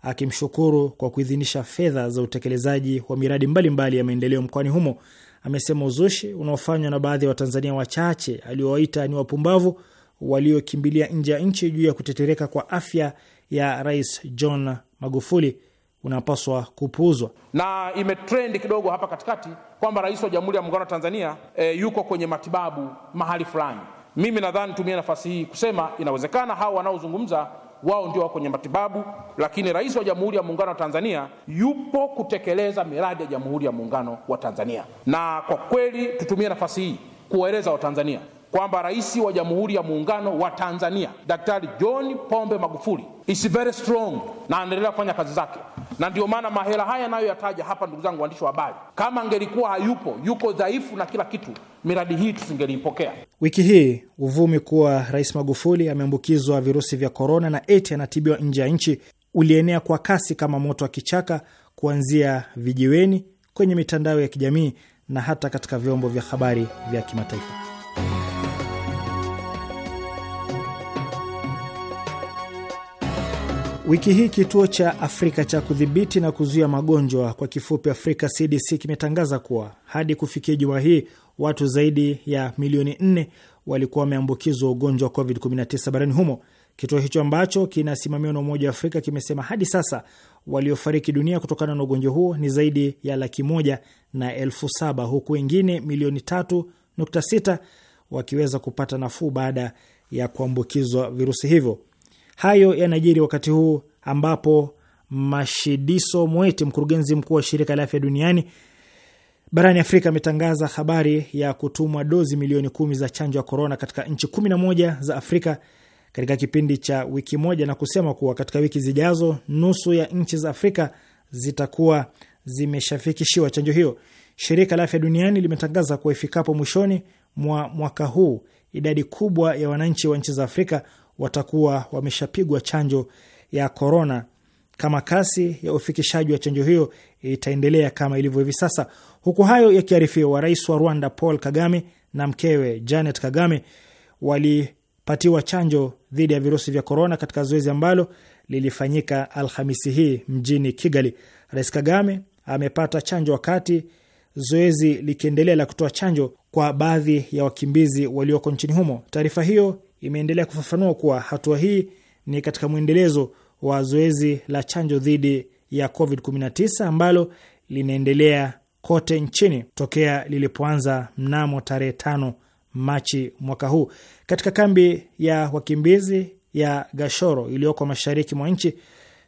akimshukuru kwa kuidhinisha fedha za utekelezaji wa miradi mbalimbali mbali ya maendeleo mkoani humo. Amesema uzushi unaofanywa na baadhi ya Watanzania wachache aliowaita ni wapumbavu waliokimbilia nje ya nchi juu ya kutetereka kwa afya ya Rais John Magufuli unapaswa kupuuzwa. Na imetrendi kidogo hapa katikati kwamba rais wa Jamhuri ya Muungano wa Tanzania e, yuko kwenye matibabu mahali fulani. Mimi nadhani tumie nafasi hii kusema inawezekana hao wanaozungumza wao ndio wako kwenye matibabu, lakini rais wa Jamhuri ya Muungano wa Tanzania yupo kutekeleza miradi ya Jamhuri ya Muungano wa Tanzania. Na kwa kweli tutumie nafasi hii kuwaeleza Watanzania kwamba rais wa Jamhuri ya Muungano wa Tanzania Daktari John Pombe Magufuli is very strong na anaendelea kufanya kazi zake na ndio maana mahela haya nayoyataja hapa, ndugu zangu waandishi wa habari, kama angelikuwa hayupo, yuko dhaifu na kila kitu, miradi hii tusingeliipokea Wiki hii uvumi kuwa Rais Magufuli ameambukizwa virusi vya korona na eti anatibiwa nje ya nchi ulienea kwa kasi kama moto wa kichaka, kuanzia vijiweni, kwenye mitandao ya kijamii na hata katika vyombo vya habari vya kimataifa. Wiki hii kituo cha Afrika cha kudhibiti na kuzuia magonjwa kwa kifupi Afrika CDC kimetangaza kuwa hadi kufikia juma hii watu zaidi ya milioni 4 walikuwa wameambukizwa ugonjwa wa COVID-19 barani humo. Kituo hicho ambacho kinasimamiwa na Umoja wa Afrika kimesema hadi sasa waliofariki dunia kutokana na ugonjwa huo ni zaidi ya laki moja na elfu saba huku wengine milioni 3.6 wakiweza kupata nafuu baada ya kuambukizwa virusi hivyo. Hayo yanajiri wakati huu ambapo Mashidiso Moeti, mkurugenzi mkuu wa shirika la afya duniani barani Afrika, ametangaza habari ya kutumwa dozi milioni kumi za chanjo ya korona katika nchi kumi na moja za Afrika katika kipindi cha wiki moja, na kusema kuwa katika wiki zijazo nusu ya nchi za Afrika zitakuwa zimeshafikishiwa chanjo hiyo. Shirika la afya duniani limetangaza kuwa ifikapo mwishoni mwa mwaka huu idadi kubwa ya wananchi wa nchi za Afrika watakuwa wameshapigwa chanjo ya korona kama kasi ya ufikishaji wa chanjo hiyo itaendelea kama ilivyo hivi sasa. Huku hayo yakiarifiwa, rais wa Rwanda Paul Kagame na mkewe Janet Kagame walipatiwa chanjo dhidi ya virusi vya korona katika zoezi ambalo lilifanyika Alhamisi hii mjini Kigali. Rais Kagame amepata chanjo wakati zoezi likiendelea la kutoa chanjo kwa baadhi ya wakimbizi walioko nchini humo. Taarifa hiyo imeendelea kufafanua kuwa hatua hii ni katika mwendelezo wa zoezi la chanjo dhidi ya COVID-19 ambalo linaendelea kote nchini tokea lilipoanza mnamo tarehe 5 Machi mwaka huu. Katika kambi ya wakimbizi ya Gashoro iliyoko mashariki mwa nchi,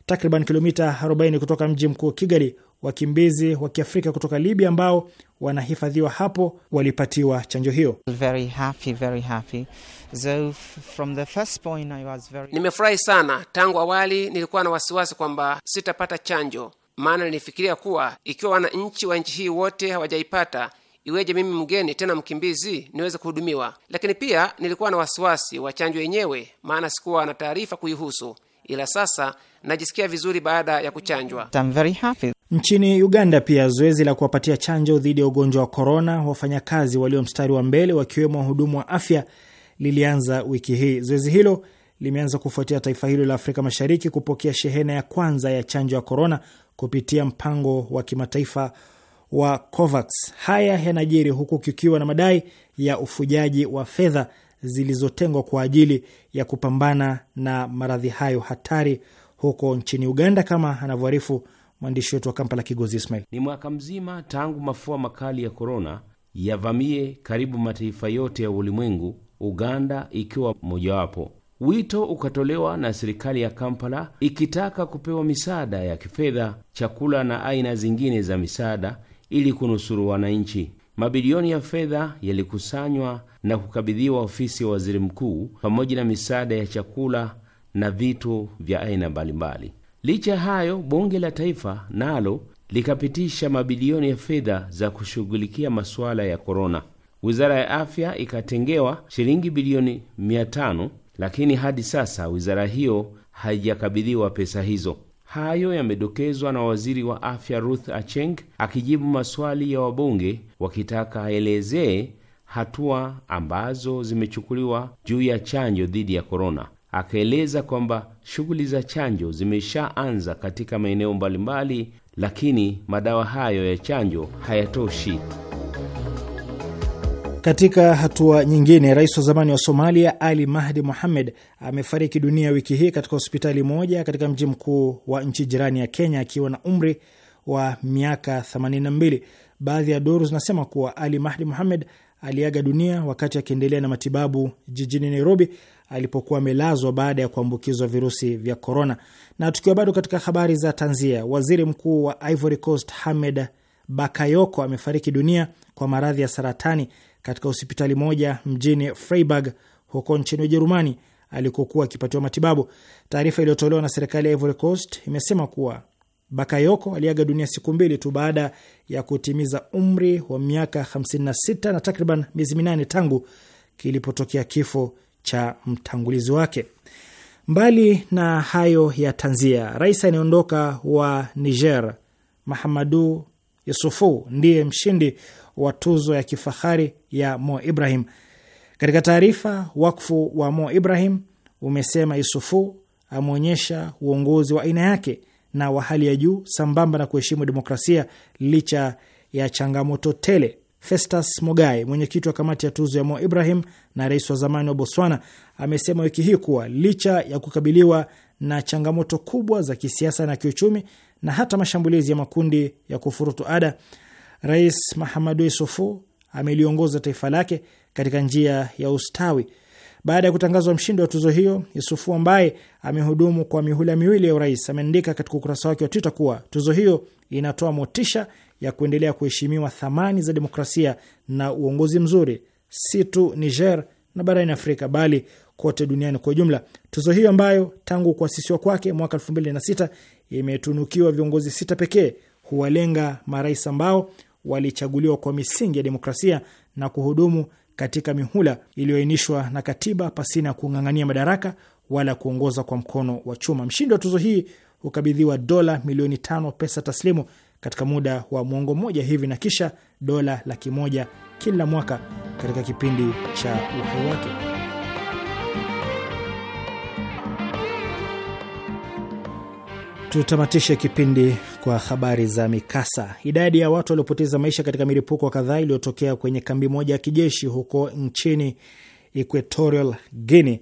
takriban kilomita 40 kutoka mji mkuu Kigali, wakimbizi wa Kiafrika kutoka Libya ambao wanahifadhiwa hapo walipatiwa chanjo hiyo. very happy, very happy. So very... Nimefurahi sana. Tangu awali nilikuwa na wasiwasi kwamba sitapata chanjo, maana nilifikiria kuwa ikiwa wananchi wa nchi hii wote hawajaipata iweje mimi mgeni tena mkimbizi niweze kuhudumiwa? Lakini pia nilikuwa na wasiwasi wa chanjo yenyewe, maana sikuwa na taarifa kuihusu, ila sasa najisikia vizuri baada ya kuchanjwa. I'm very happy. Nchini Uganda pia zoezi la kuwapatia chanjo dhidi ya ugonjwa wa korona wafanyakazi walio mstari wa mbele wakiwemo wahudumu wa afya lilianza wiki hii. Zoezi hilo limeanza kufuatia taifa hilo la Afrika Mashariki kupokea shehena ya kwanza ya chanjo ya korona kupitia mpango wa kimataifa wa COVAX. Haya yanajiri huku kikiwa na madai ya ufujaji wa fedha zilizotengwa kwa ajili ya kupambana na maradhi hayo hatari huko nchini Uganda, kama anavyoarifu mwandishi wetu wa Kampala, Kigozi Ismail. Ni mwaka mzima tangu mafua makali ya korona yavamie karibu mataifa yote ya ulimwengu Uganda ikiwa mojawapo. Wito ukatolewa na serikali ya Kampala ikitaka kupewa misaada ya kifedha, chakula na aina zingine za misaada ili kunusuru wananchi. Mabilioni ya fedha yalikusanywa na kukabidhiwa ofisi ya waziri mkuu pamoja na misaada ya chakula na vitu vya aina mbalimbali. Licha ya hayo, bunge la taifa nalo likapitisha mabilioni ya fedha za kushughulikia masuala ya korona. Wizara ya afya ikatengewa shilingi bilioni mia lakini hadi sasa wizara hiyo haijakabidhiwa pesa hizo. Hayo yamedokezwa na waziri wa afya Ruth Acheng akijibu maswali ya wabunge wakitaka aelezee hatua ambazo zimechukuliwa juu ya chanjo dhidi ya korona. Akaeleza kwamba shughuli za chanjo zimeshaanza katika maeneo mbalimbali, lakini madawa hayo ya chanjo hayatoshi. Katika hatua nyingine, rais wa zamani wa Somalia Ali Mahdi Mohamed amefariki dunia wiki hii katika hospitali moja katika mji mkuu wa nchi jirani ya Kenya akiwa na umri wa miaka 82. Baadhi ya duru zinasema kuwa Ali Mahdi Mohamed aliaga dunia wakati akiendelea na matibabu jijini Nairobi alipokuwa amelazwa baada ya kuambukizwa virusi vya korona. Na tukiwa bado katika habari za tanzia, waziri mkuu wa Ivory Coast Hamed Bakayoko amefariki dunia kwa maradhi ya saratani katika hospitali moja mjini Freiburg huko nchini Ujerumani alikokuwa akipatiwa matibabu. Taarifa iliyotolewa na serikali ya Ivory Coast imesema kuwa Bakayoko aliaga dunia siku mbili tu baada ya kutimiza umri wa miaka 56 na takriban miezi minane tangu kilipotokea kifo cha mtangulizi wake. Mbali na hayo ya tanzia, rais anayeondoka wa Niger Mahamadu Yusufu ndiye mshindi wa tuzo ya kifahari ya Mo Ibrahim. Katika taarifa, wakfu wa Mo Ibrahim umesema Yusufu ameonyesha uongozi wa aina yake na wa hali ya juu sambamba na kuheshimu demokrasia licha ya changamoto tele. Festus Mogae, mwenyekiti wa kamati ya tuzo ya Mo Ibrahim na rais wa zamani wa Botswana, amesema wiki hii kuwa licha ya kukabiliwa na changamoto kubwa za kisiasa na kiuchumi, na hata mashambulizi ya makundi ya kufurutu ada, Rais Mahamadu Isufu ameliongoza taifa lake katika njia ya ustawi. Baada ya kutangazwa mshindi wa tuzo hiyo, Isufu ambaye amehudumu kwa mihula miwili ya urais ameandika katika ukurasa wake wa Twitter kuwa tuzo hiyo inatoa motisha ya kuendelea kuheshimiwa thamani za demokrasia na uongozi mzuri, si tu Niger na barani Afrika bali kote duniani kwa ujumla. Tuzo hiyo ambayo tangu kuasisiwa kwake mwaka 2006 imetunukiwa viongozi sita pekee, huwalenga marais ambao walichaguliwa kwa misingi ya demokrasia na kuhudumu katika mihula iliyoainishwa na katiba pasina ya kung'ang'ania madaraka wala kuongoza kwa mkono wa chuma. Mshindi wa tuzo hii hukabidhiwa dola milioni tano pesa taslimu katika muda wa mwongo mmoja hivi na kisha dola laki moja kila mwaka katika kipindi cha uhai wake. Tutamatishe kipindi kwa habari za mikasa. Idadi ya watu waliopoteza maisha katika milipuko kadhaa iliyotokea kwenye kambi moja ya kijeshi huko nchini Equatorial Guinea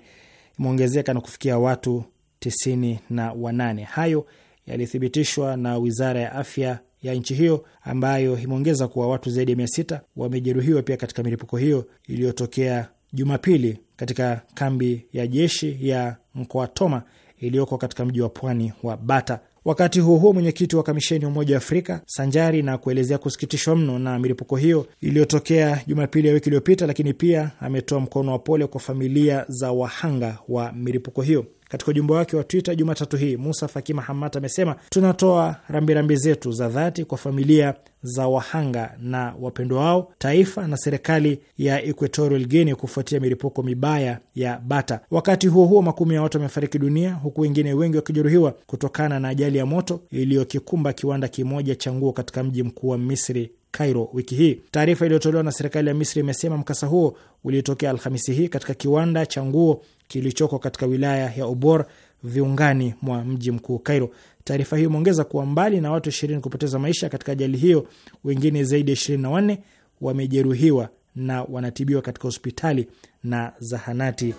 imeongezeka na kufikia watu tisini na wanane. Hayo yalithibitishwa na wizara ya afya ya nchi hiyo ambayo imeongeza kuwa watu zaidi ya mia sita wamejeruhiwa pia katika milipuko hiyo iliyotokea Jumapili katika kambi ya jeshi ya mkoa toma iliyoko katika mji wa pwani wa Bata. Wakati huo huo, mwenyekiti wa kamisheni ya Umoja wa Afrika sanjari na kuelezea kusikitishwa mno na milipuko hiyo iliyotokea Jumapili ya wiki iliyopita, lakini pia ametoa mkono wa pole kwa familia za wahanga wa milipuko hiyo. Katika ujumbe wake wa Twitter Jumatatu hii, Musa Faki Mahamat amesema tunatoa rambirambi zetu za dhati kwa familia za wahanga na wapendwa wao, taifa na serikali ya Equatorial Guinea kufuatia milipuko mibaya ya Bata. Wakati huo huo, makumi ya watu wamefariki dunia huku wengine wengi wakijeruhiwa kutokana na ajali ya moto iliyokikumba kiwanda kimoja cha nguo katika mji mkuu wa Misri Cairo wiki hii. Taarifa iliyotolewa na serikali ya Misri imesema mkasa huo uliotokea Alhamisi hii katika kiwanda cha nguo kilichoko katika wilaya ya Obor viungani mwa mji mkuu Cairo. Taarifa hiyo imeongeza kuwa mbali na watu ishirini kupoteza maisha katika ajali hiyo, wengine zaidi ya ishirini na wanne wamejeruhiwa na wanatibiwa katika hospitali na zahanati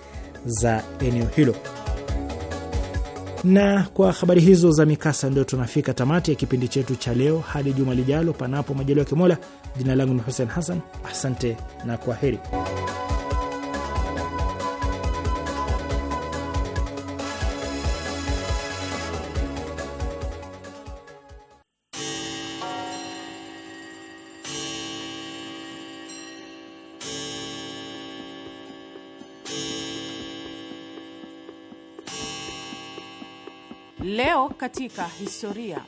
za eneo hilo. Na kwa habari hizo za mikasa, ndio tunafika tamati ya kipindi chetu cha leo. Hadi juma lijalo, panapo majaliwa ya Kimola. Jina langu ni Hussein Hassan, asante na kwa heri. Leo katika historia.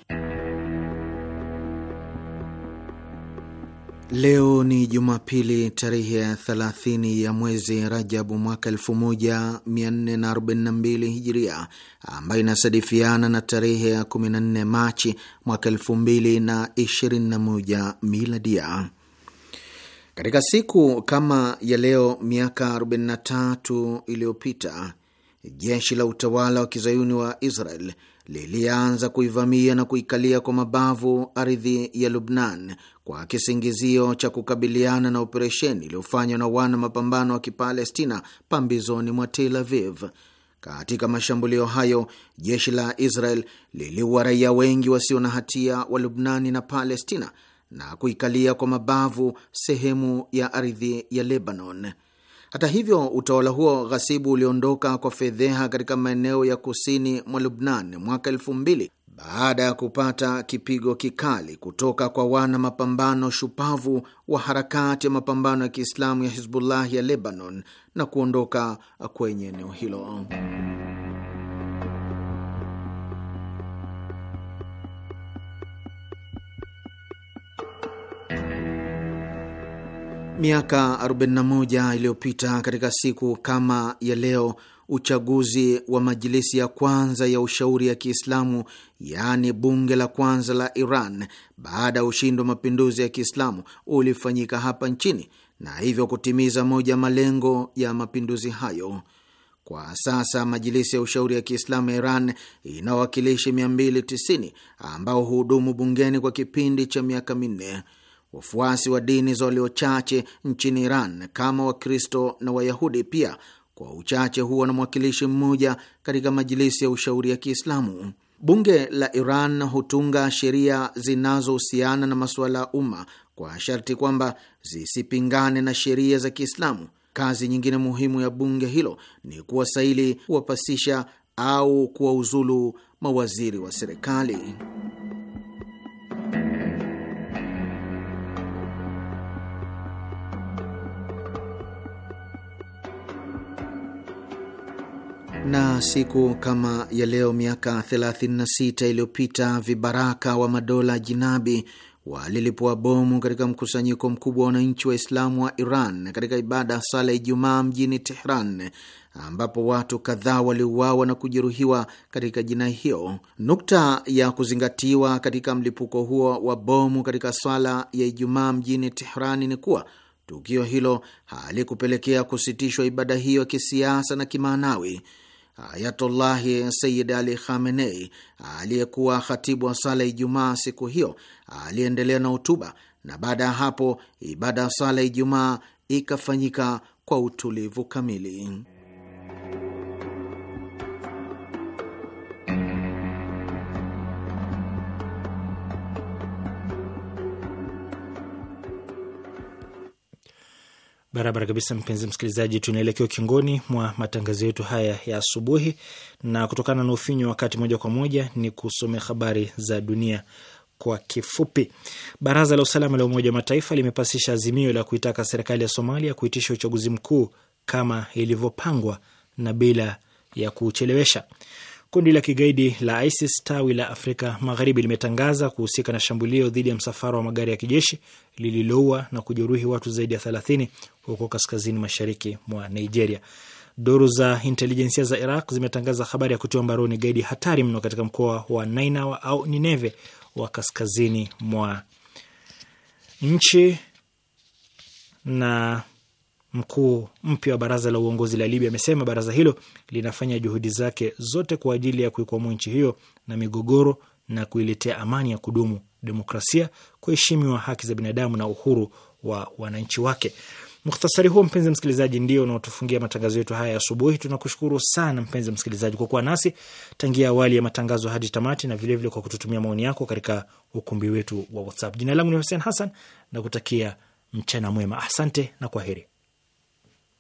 Leo ni Jumapili, tarehe ya 30 ya mwezi Rajabu mwaka 1442 Hijiria, ambayo inasadifiana na tarehe ya 14 Machi mwaka 2021 Miladia. Katika siku kama ya leo miaka 43 iliyopita jeshi la utawala wa kizayuni wa Israel lilianza kuivamia na kuikalia kwa mabavu ardhi ya Lubnan kwa kisingizio cha kukabiliana na operesheni iliyofanywa na wana mapambano wa Kipalestina pambizoni mwa Tel Aviv. Katika mashambulio hayo jeshi la Israel liliua raia wengi wasio na hatia wa Lubnani na Palestina na kuikalia kwa mabavu sehemu ya ardhi ya Lebanon. Hata hivyo, utawala huo ghasibu uliondoka kwa fedheha katika maeneo ya kusini mwa Lubnan mwaka elfu mbili baada ya kupata kipigo kikali kutoka kwa wana mapambano shupavu wa harakati ya mapambano ya Kiislamu ya Hizbullah ya Lebanon na kuondoka kwenye eneo hilo. Miaka 41 iliyopita katika siku kama ya leo, uchaguzi wa majilisi ya kwanza ya ushauri ya Kiislamu, yaani bunge la kwanza la Iran baada ya ushindi wa mapinduzi ya Kiislamu ulifanyika hapa nchini na hivyo kutimiza moja malengo ya mapinduzi hayo. Kwa sasa majilisi ya ushauri ya Kiislamu ya Iran ina wawakilishi 290 ambao huhudumu bungeni kwa kipindi cha miaka minne. Wafuasi wa dini za waliochache nchini Iran kama Wakristo na Wayahudi pia kwa uchache huwa na mwakilishi mmoja katika majilisi ya ushauri ya Kiislamu. Bunge la Iran hutunga sheria zinazohusiana na masuala ya umma kwa sharti kwamba zisipingane na sheria za Kiislamu. Kazi nyingine muhimu ya bunge hilo ni kuwasaili, kuwapasisha au kuwauzulu mawaziri wa serikali. Na siku kama ya leo miaka 36 iliyopita vibaraka wa madola jinabi walilipua bomu katika mkusanyiko mkubwa wa wananchi wa islamu wa Iran katika ibada ya sala Ijumaa mjini Tehran, ambapo watu kadhaa waliuawa na kujeruhiwa katika jinai hiyo. Nukta ya kuzingatiwa katika mlipuko huo wa bomu katika swala ya Ijumaa mjini tehran ni kuwa tukio hilo halikupelekea kusitishwa ibada hiyo ya kisiasa na kimaanawi Ayatullahi Sayid Ali Khamenei, aliyekuwa khatibu wa sala Ijumaa siku hiyo, aliendelea na hotuba, na baada ya hapo ibada ya sala Ijumaa ikafanyika kwa utulivu kamili. Barabara kabisa, mpenzi msikilizaji, tunaelekea ukingoni mwa matangazo yetu haya ya asubuhi, na kutokana na ufinywa wakati, moja kwa moja ni kusomea habari za dunia kwa kifupi. Baraza la usalama la Umoja wa Mataifa limepasisha azimio la kuitaka serikali ya Somalia kuitisha uchaguzi mkuu kama ilivyopangwa na bila ya kuchelewesha. Kundi la kigaidi la ISIS tawi la Afrika Magharibi limetangaza kuhusika na shambulio dhidi ya msafara wa magari ya kijeshi lililoua na kujeruhi watu zaidi ya thelathini huko kaskazini mashariki mwa Nigeria. Duru za intelijensia za Iraq zimetangaza habari ya kutia mbaroni gaidi hatari mno katika mkoa wa Nainawa au Nineve wa kaskazini mwa nchi na mkuu mpya wa baraza la uongozi la Libya amesema baraza hilo linafanya juhudi zake zote kwa ajili ya kuikwamua nchi hiyo na migogoro na kuiletea amani ya kudumu, demokrasia, kuheshimiwa haki za binadamu na uhuru wa wananchi wake. Mukhtasari huo mpenzi msikilizaji, ndio unaotufungia matangazo yetu haya asubuhi. Tunakushukuru sana mpenzi msikilizaji kwa kuwa nasi tangia awali ya matangazo hadi tamati, na vilevile vile kwa kututumia maoni yako katika ukumbi wetu wa WhatsApp. Jina langu ni Hussein Hassan na kutakia mchana mwema. Asante na kwaheri.